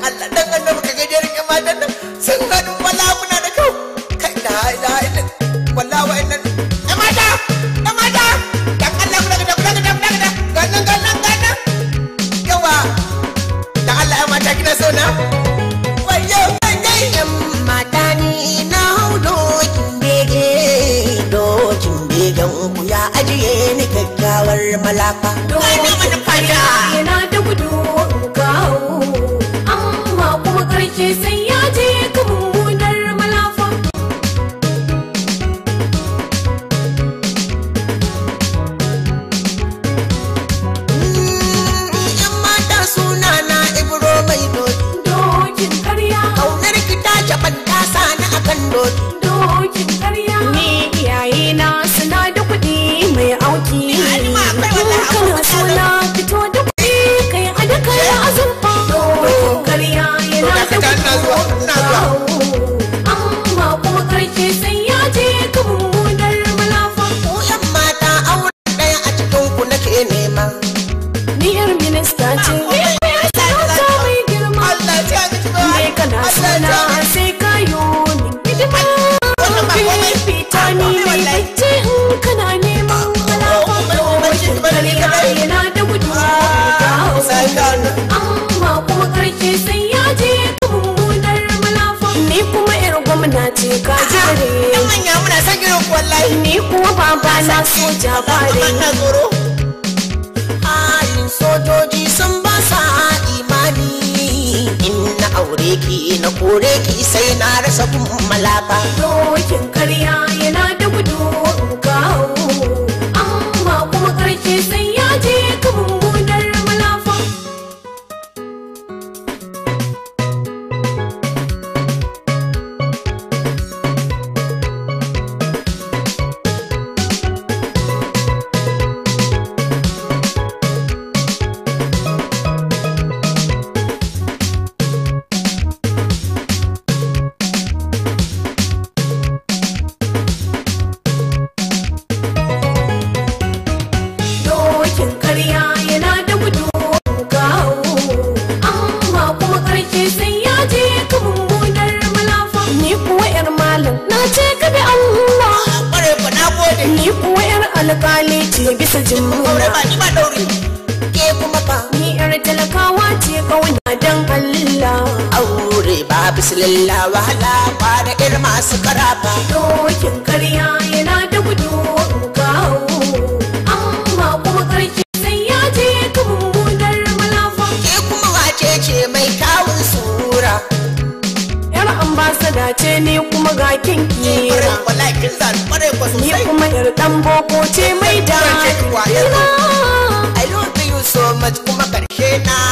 dan Allah dan annabi ka ga jerin matan nan sun wala kuna da kau kai da ila ila wala wa inna mata mata dan Allah da kuna kuna gannan gannan gannan yawa dan na ya ajiye ni kyakkyawar malafa. dizem as well. manya muna san irin ni kuma baba na soja ba da na tsoro sojoji sun ba sa imani in na aure ki na kore ki sai na rasa kun malaka ni kuwa yar alƙali ce bisa jimura ba ni ba ke kuma ba ni yar talakawa ce kawai dan Allah aure ba bisililla wahala ba da ir masu karafa dokin karya yana da gudu kuma ya je ce mai kawun sura yar ambasada ce ne kuma ga kinki kamar dan boko ce mai da. I love you so much kuma karshe na.